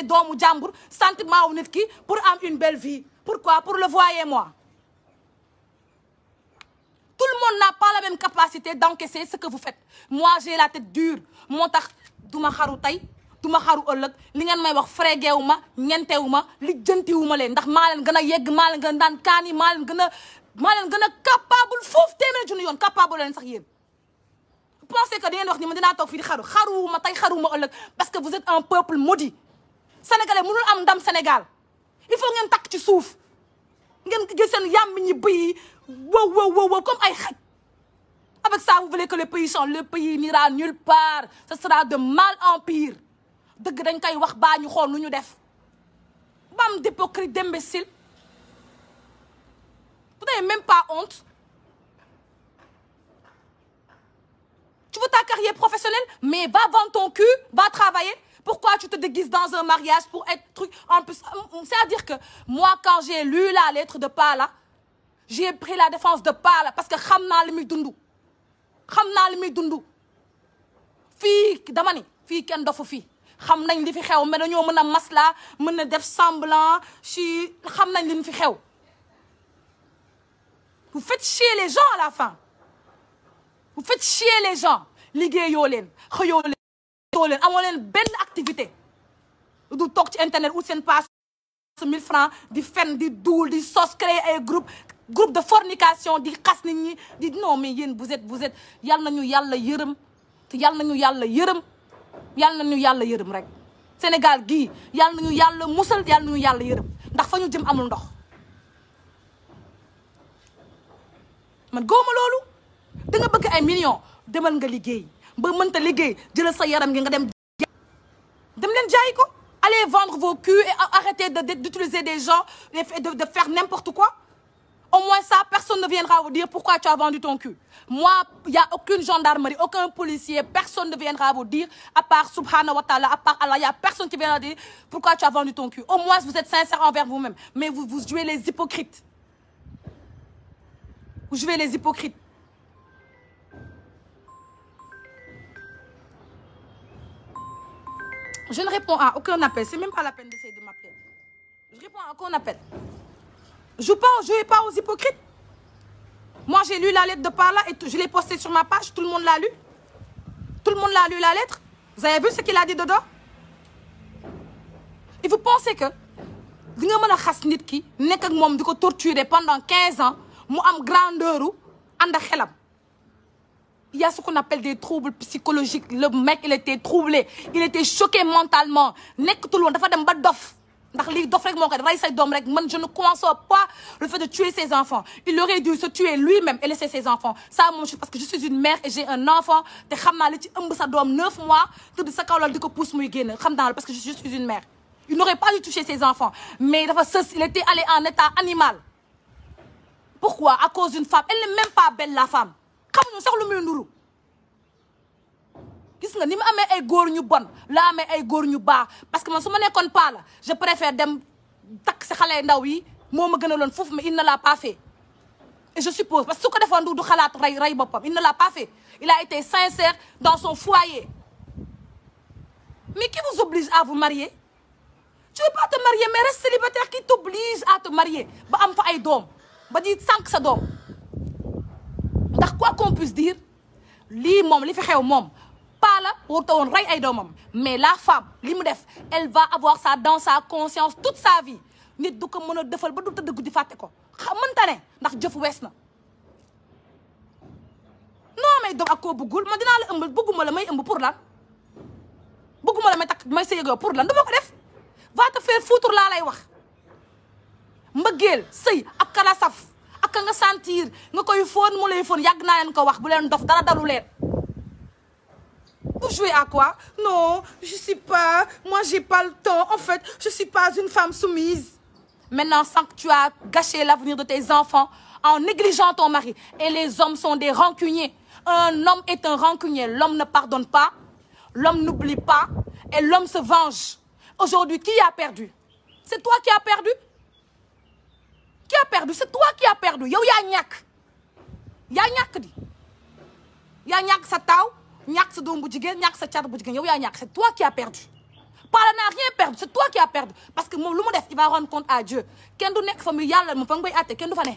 utiliser doomu jàmbur sentiment wu nit ki pour am une belle vie pourquoi pour le voyer moi tout le monde n'a pas la même capacité d'encaisser ce que vous faites moi j'ai la tête dure moo tax duma xaru tey duma xaru ëllëg li ngeen may wax frégeewu ma ñentewu ma lijjantiwu ma leen ndax maa leen gën a yegg maa leen gën a daan kaani maa leen gën a maa leen gën a capable foofu téeméer junni yoon capable leen sax yéen pensez que da ngeen wax ni ma dinaa toog fii di xaru xaruwu ma tey xaruwu ëllëg parce que vous êtes un peuple maudit sénégalais mënul am ndam Sénégal il faut ngeen takk ci suuf ngeen jël seen yàmb ñi bëy wow wow wow comme ay xaj avec ça vous voulez que le pays change le pays n'ira nulle part ce sera de mal en pire dëgg dañ koy wax baa ñu xool nu ñu def bam d'hypocrite d'imbécile vous n'avez même pas honte tu veux ta carrière professionnelle mais va vendre ton cul va travailler Pourquoi tu te déguises dans un mariage pour être truc en plus C'est-à-dire que moi, quand j'ai lu la lettre de Pala, j'ai pris la défense de Pala parce que xam naa li muy dund. xam naa li muy dund fii dama ni fii kenn dofu fii xam nañ li fi xew mais dañoo mën a maslaa mën a def semblant si xam nañ li fi xew. vous faites chier les gens à la fin vous faites chier les gens liggéeyoo leen xëyoo leen toog leen benn activité du toog ci internet ou seen passe mille francs di fen di duul di sos créer ay groupe de fornication di xas nit ñi di non mais bu vous êtes vous êtes yal nañu yàlla yërëm te yal nañu yàlla yërëm yal nañu yàlla yërëm rek Sénégal gi yal nañu yàlla musal yal nañu yàlla yërëm ndax fa ñu jëm amul ndox man góoma loolu da nga bëgg ay millions demal nga liggéey ba mënta liggéey jëlal sa yaram gi nga dem dem leen jaay ko allez vendre vos culs et arrêtez de d'utiliser des gens et de, de faire n'importe quoi au moins ça personne ne viendra vous dire pourquoi tu as vendu ton cul moi il y a aucune gendarmerie aucun policier personne ne viendra vous dire à part subhana à part Allah il y a personne qui viendra dire pourquoi tu as vendu ton cul au moins vous êtes sincère envers vous-même mais vous vous jouez les hypocrites vous jouez les hypocrites je ne réponds à aucun appel. C'est même pas la peine d'essayer de m'appeler. Je réponds à aucun appel. Je pas aux hypocrites. Moi, j'ai lu la lettre de Parla et je l'ai postée sur ma page. Tout le monde l'a lu. Tout le monde l'a lettre. Vous avez vu ce qu'il a dit dedans Et vous pensez que di nga mën a xas nit ki nekk ak moom di ko torturer pendant 15 ans mu am grandeur ànd ak xelam. il y a ce qu'on appelle des troubles psychologiques le mec il était troublé il était choqué mentalement nekkatul woon dafa dem ba dof ndax lii dof rek moo koy rey le fait de tuer ses enfants il aurait dû se tuer lui-même et laisser ses enfants ça moom je parce que je suis une mère et j'ai un enfant te xam naa li ci ëmb sa doom 9 mois sa kaw lal di ko pousse muy génn xam naa parce que je suis une mère il n'aurait pas dû toucher ses la femme xamuñu sax lu mu nduru gis nga ni mu amee ay góor ñu bon la amee ay góor ñu baax parce que man su ma nekkoon paa la je préfère dem takk si xale ndaw yi moo ma gën a loon foofu mais il l'a pas fait et je suppose parce que su ko defoon du du xalaat ray rey boppam il ne l'a pas fait il a été sincère dans son foyer mais qui vous oblige à vous marier tu veux pas te marier mais reste célibataire qui t'oblige à te marier ba am fa ay doom ba di sànq sa doom quoi qu'on puisse dire lii moom li fi xew moom pas la warut woon ay doomam mais la femme li mu def elle va avoir ça dans conscience toute sa vie nit du ko mën a defal ba du tëdd guddi fàtte ko xam mënta ndax jëf wees na. noo may doom ak koo bëggul ma dinaa la ëmbal bëgguma la may ëmb pour lan bëgguma la may takk may sëy pour lan du ma ko def va te faire foutre laa lay wax mbëggeel sëy ak kala saf. que nga sentir nga koy fóon mu lay fóon yàgg naa leen ko wax bu leen dof dara jouez à quoi? Non, je suis pas, moi j'ai pas le temps. En fait, je suis pas une femme soumise. Maintenant, sans que tu as gâché l'avenir de tes enfants en négligeant ton mari. Et les hommes sont des rancuniers. Un homme est un rancunier. L'homme ne pardonne pas, l'homme n'oublie pas et l'homme se venge. Aujourd'hui, qui a perdu? C'est toi qui as perdu. qui a perdu c'est toi qui a perdu yow yaa ñàkk yaa ñàkk di yaa ñàkk sa taaw ñàkk sa doom bu jigéen ñàkk sa caat bu jigéen yow yaa ñàkk c'est toi qui a perdu Palla n'a rien perdu c'est toi qui a perdu parce que moom lu mu def il va rendre compte à Dieu kenn du nekk famille yàlla moom fa nga koy àtte kenn du fa ne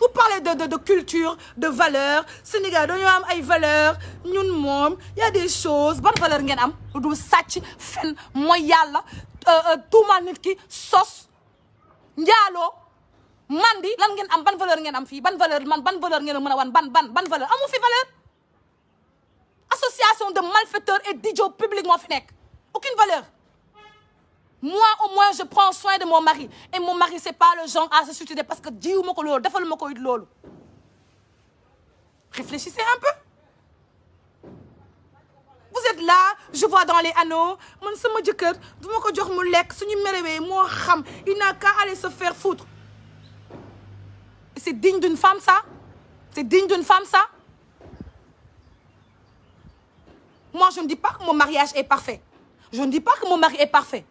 vous parlez de de de culture de valeur Sénégal dañoo am ay valeur ñun moom y a des choses ban valeur ngeen am lu dul sàcc fen mooy yàlla euh, euh, tuumaal nit ki sos njaaloo man di lan ngeen am ban valeur ngeen am fii ban valeur man ban valeur ngeen mën a wan ban ban ban valeur amu fi valeur association de malfaiteurs et d'idiots publics moo fi nekk aucune valeur moi au moins je prends soin de mon mari et mon mari c'est pas le genre à se parce que jiwu ma ko loolu defalu ma ko it loolu réfléchissez un peu êtes là je vois dans les anneaux man sama jëkkër du ma ko jox mu lekk suñu merewee moo xam il n'a qu'à aller se faire foutre c'est digne d'une femme ça c'est digne d'une femme ça moi je ne dis pas que mon mariage est parfait je ne dis pas que mon mari est parfait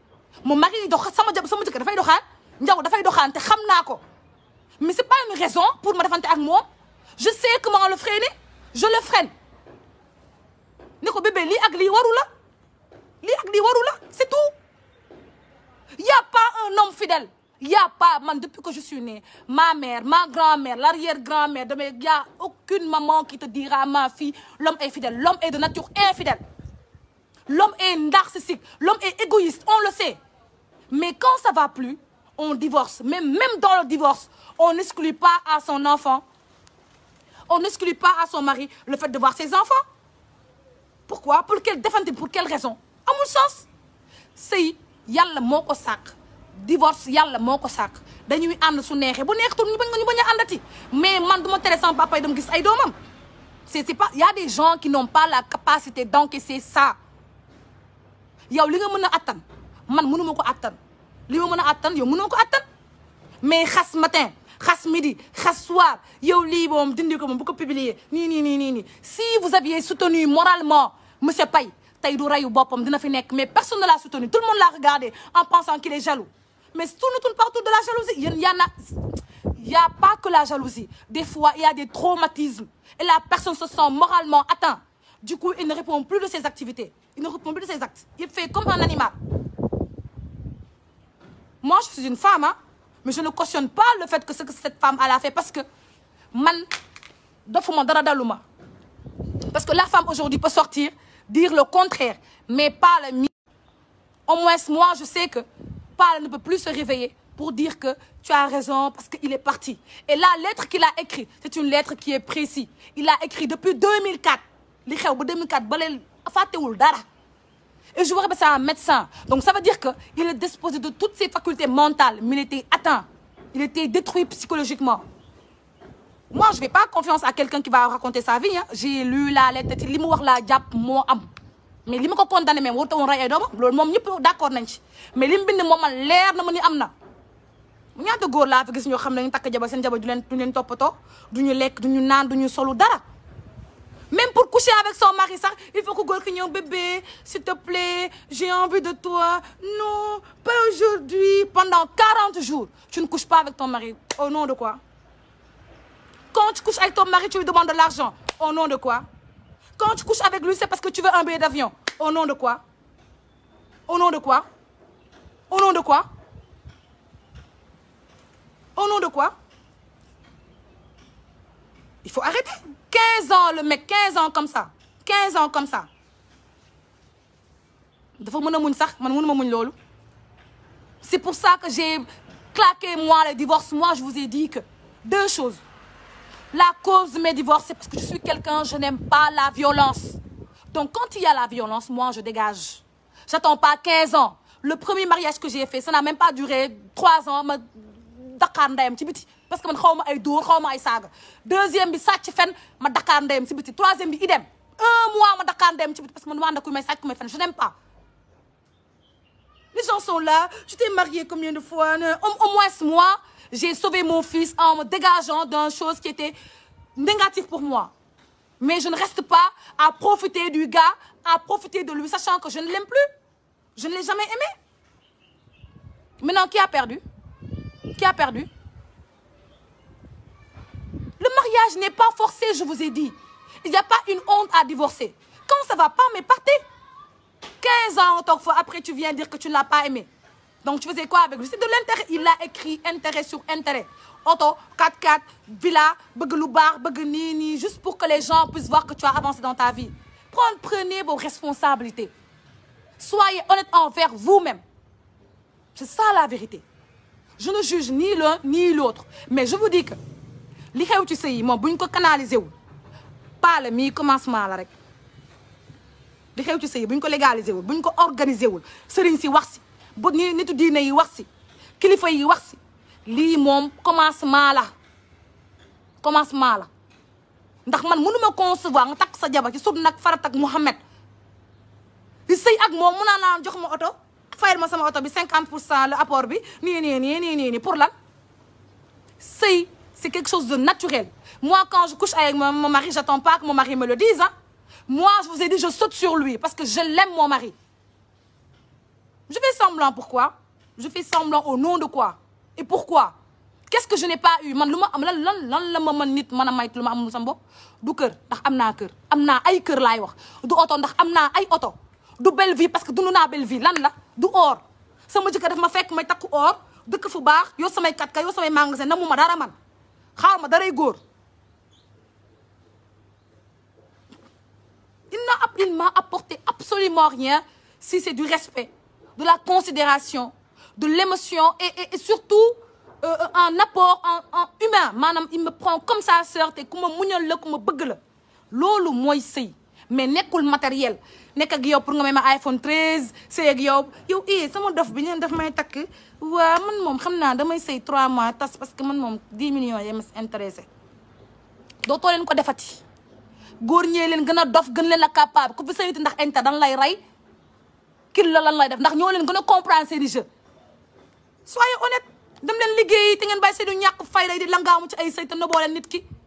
mon mari dox sama jab sama jëkkër dafay doxaan njaw dafay doxaan te xam naa ko mais c'est pas une raison pour ma defante ak moom je sais comment le freiner je le freine ne ko bébé lii ak lii waru la lii ak lii waru la c'est tout y a pas un homme fidèle y a pas man depuis que je suis née ma mère ma grand-mère l'arrière-grand-mère damay y a aucune maman qui te dira ma fille l'homme est fidèle l'homme est de nature infidèle l'homme est narcissique l'homme est égoïste on le sait mais quand ça va plus on divorce même dans le divorce on n'exclut pas à son mari le fait de voir ses enfants pourquoi pour quelle defante pour quelle raison amul sens sëy yàlla moo ko sàq divorce yàlla moo ko sàq dañuy ànd su neexee bu neexatul ñu bañ ñu bañ a àndati mais man du ma tere sama papa yi dem gis ay doomam c'est c'est pas y a des gens qui n'ont pas la capacité d'encaisser ça yow li nga mën a attan man mënuma ko attan li ma mën a attan yow mënoo ko attan mais xas matin xas midi xas soir yow lii moom dindi ko moom bu ko publier nii nii nii nii nii si vous aviez soutenu moralement monsieur Paye tey du reyu boppam dina fi nekk mais personne ne l'a soutenu tout le monde l'a regardé en pensant qu'il est jaloux mais si ne tourne pas autour de la jalousie yéen na pas que la jalousie des fois il y a des traumatismes et la personne se sent moralement atteinte du coup il ne répond plus de ses activités il fait comme un animal moi je suis une femme hein mais je ne cautionne pas le fait que ce que cette femme elle a fait parce que man dofuma dara daluma parce que la femme dire le contraire, mais pas le Au moins, moi, je sais que Paul ne peut plus se réveiller pour dire que tu as raison parce qu'il est parti. Et la lettre qu'il a écrite, c'est une lettre qui est précise. Il a écrit depuis 2004. li xew ba 2004 ba leen fàttewul dara et je vous rappelle c'est un médecin donc ça veut dire que il est disposé de toutes ses facultés mentales mais il était atteint il était détruit psychologiquement moi je vais pas confiance à quelqu'un va raconter sa vie ah j'ai lu la lettre te li mu wax laa jàpp moo am mais li ma ko condamné même warut a woon rey ay doomam loolu moom ñëpp d'accord nañ ci mais li mu bind moom man leer na ma ni am na ñaata góor laa fi gis ñoo xam ne ñu takk jabar seen jabar du leen du leen toppatoo du ñu lekk du ñu naan du ñu solu dara même pour coucher avec son mari sax il faut que góor ki ñëw bébé s'il te plaît j'ai envie de toi non pas aujourd'hui pendant 40 jours tu ne couches pas avec ton mari au oh quoi Quand tu couches avec ton mari, tu lui demandes de l'argent. Au nom de quoi Quand tu couches avec lui, c'est parce que tu veux un billet d'avion. Au nom de quoi Au nom de quoi Au nom de quoi Au nom de quoi Il faut arrêter. quinze ans le mec, 15 ans comme ça. 15 ans comme ça. dafa mën a muñ sax man mënuma muñ loolu c'est pour ça que j'ai claqué moi le divorce moi je vous ai dit que deux choses La cause de mes divorces, c'est parce que je n'aime pas la violence. Donc quand il y a la violence, je dégage. J'attends pas 15 ans. Le premier mariage que j'ai fait, ça n'a même pas duré 3 ans. Dakar ndeyam ci biti parce que xaw ma ay dóor xaw ma ay saaga deuxième bi sàcc fen ma Dakar ndeyam ci biti troisième bi idem un mois ma Dakar ndeyam ci biti parce que man du ma ànd je n'aime pas. les gens sont là tu t'es marié combien de fois au moins j'ai sauvé mon fils en me dégageant d'une chose qui était négative pour moi. Mais je ne reste pas à profiter du gars, à profiter de lui, sachant que je ne l'aime plus. Je ne l'ai jamais aimé. Maintenant, qui a perdu Qui a perdu Le mariage n'est pas forcé, je vous ai dit. Il n'y a pas une honte à divorcer. Quand ça ne va pas, mais partez. 15 ans, en tant que fois, après, tu viens dire que tu ne l'as pas aimé. Donc, tu faisais quoi avec lui C'est de l'intérêt. Il a écrit intérêt sur intérêt. Auto, 4x4, villa, bar, nini, juste pour que les gens puissent voir que tu as avancé dans ta vie. Prendre, prenez vos responsabilités. Soyez honnête envers vous-même. C'est ça la vérité. Je ne juge ni l'un ni l'autre. Mais je vous dis que, li xew ci sëy yi moom bu ñu ko canaliser wul paale mii commencement la rek li xew ci sëy yi bu ñu ko légaliser wul bu ko organiser wul sëriñ si wax si bu ni nitu diine yu wax si kilifa yi wax si lii moom commencement la commencement la ndax man mu mënuma concevoir nga takk sa jabar ci sut nag tak ak Mouhamed i say ak moom mun naa naan jox ma oto fayal ma sama oto bi cinquante pour cent le apport bi nii nii nii pour lan sëy c'est quelque chose de naturel moi quand je couche avec mon mari j'attends pas que mon mari me le dise ah moi je vous ai dit je saute sur lui parce que je l'aime mon mari Je fais semblant pourquoi je fais semblant au nom de quoi et pourquoi qu'est-ce que je n'ai pas eu man lu ma am lan lan lan la ma mën nit mën a may lu ma am sama bopp du kër ndax am naa kër am na ay kër laay wax du oto ndax am naa ay oto du belle vie parce que dund naa belle vie lan la du or sama jëkkër daf ma fekk may takku or dëkk fu baax yow samay kat ka yow samay se na mu ma dara man xaar ma daray góor il n'a il m'a apporté absolument rien si c'est du respect de la considération de l'émotion et, et, et surtout euh, un apport en en humain maanaam il me prend comme sa sœur te ku ma muñal la ku ma bëgg la loolu mooy sëy mais nekkul matériel nekk ak yow pour nga may ma iPhone 13 sëy yow yow eh sama dof bi ñeen daf may takk waa man moom xam naa damay sëy 3 mois tas parce que man moom 10 millions yema intéressé dootoo leen ko defati góor ñee leen gën a dof gën leen a capable ko fi sëyiti ndax inter dan lay rey kil la lan lay def ndax ñoo leen gën a comprendre di i jeu soyez honnête dem leen liggéey te ngeen bàyyi seen i ñàkk fayda di langaamu ci ay sayta noboo leen nit ki